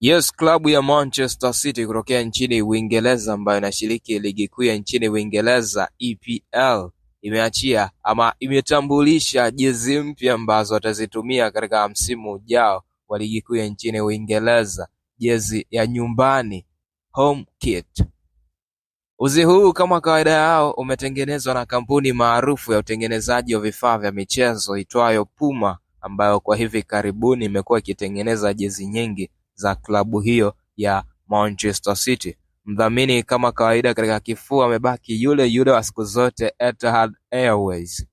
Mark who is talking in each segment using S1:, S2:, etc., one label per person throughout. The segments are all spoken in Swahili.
S1: yes klabu ya Manchester City kutokea nchini Uingereza ambayo inashiriki ligi kuu ya nchini Uingereza EPL imeachia ama imetambulisha jezi mpya ambazo watazitumia katika msimu ujao wa ligi kuu ya nchini Uingereza, jezi ya nyumbani home kit. Uzi huu kama kawaida yao umetengenezwa na kampuni maarufu ya utengenezaji wa vifaa vya michezo itwayo Puma, ambayo kwa hivi karibuni imekuwa ikitengeneza jezi nyingi za klabu hiyo ya Manchester City. Mdhamini kama kawaida katika kifua amebaki yule yule wa siku zote Etihad Airways.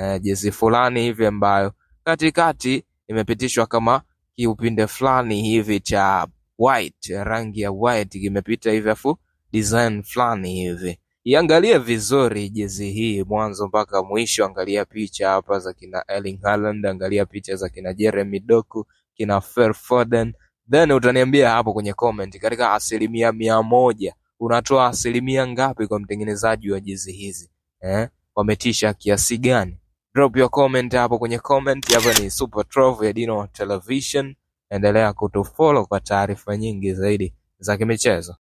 S1: E, jezi fulani hivi ambayo katikati imepitishwa kama kiupinde fulani hivi cha white, rangi ya white kimepita hivi afu design fulani hivi. Iangalie vizuri jezi hii mwanzo mpaka mwisho, angalia picha hapa za kina Erling Haaland, angalia picha za kina Jeremy Doku, kina Phil Foden then utaniambia hapo kwenye comment katika asilimia mia moja unatoa asilimia ngapi kwa mtengenezaji wa jezi hizi eh? wametisha kiasi gani? Drop your comment hapo kwenye comment. Hapo ni Super Trove ya Dino Television, endelea kutufollow kwa taarifa nyingi zaidi za kimichezo.